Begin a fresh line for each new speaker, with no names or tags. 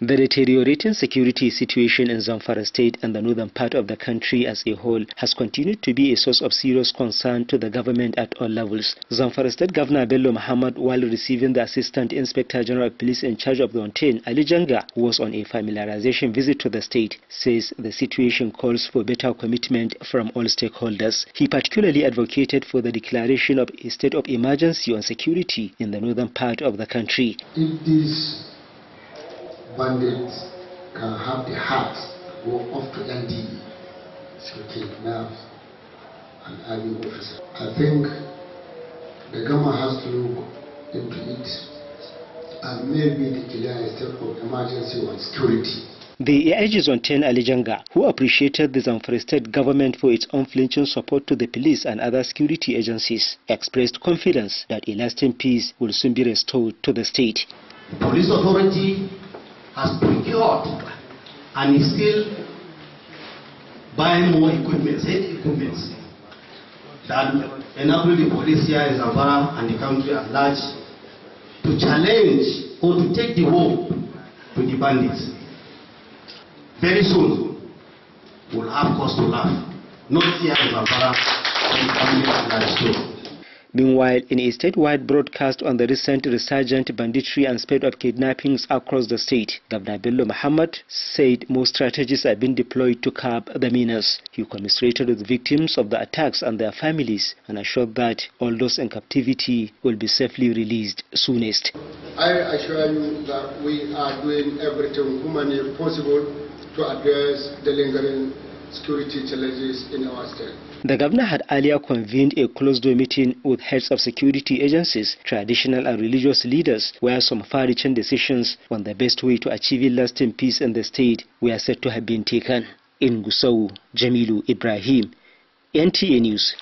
The deteriorating security situation in Zamfara state and the northern part of the country as a whole has continued to be a source of serious concern to the government at all levels. Zamfara state Governor Bello Muhammad, while receiving the Assistant Inspector General of Police in charge of the Ontain, Ali Janga, who was on a familiarization visit to the state, says the situation calls for better commitment from all stakeholders. He particularly advocated for the declaration of a state of emergency on security in the northern part of the country.
It is bandit can have the heart to go off to NDE Security now, an army officer. I think the government has to look into it and maybe declare a state of emergency on security.
The urges on 10 Alijanga, who appreciated the Zamfara state government for its unflinching support to the police and other security agencies, expressed confidence that a lasting peace will soon be restored to the state. The police
authority has procured and is still buying more equipment, heavy equipment, that enable the police here in Zamfara and the country at large to challenge or to take the war to the bandits. Very soon, we'll have cause to laugh, not here in Zamfara, but in the country at large too.
Meanwhile, in a statewide broadcast on the recent resurgent banditry and spread of kidnappings across the state, Governor Bello Muhammad said more strategies have been deployed to curb the menace. He commiserated with victims of the attacks and their families and assured that all those in captivity will be safely released soonest.
I assure you that we are doing everything humanly possible to address the lingering security challenges in our state.
The governor had earlier convened a closed-door meeting with heads of security agencies, traditional and religious leaders, where some far-reaching decisions on the best way to achieve lasting peace in the state were said to have been taken. In Gusau, Jamilu Ibrahim, NTA News.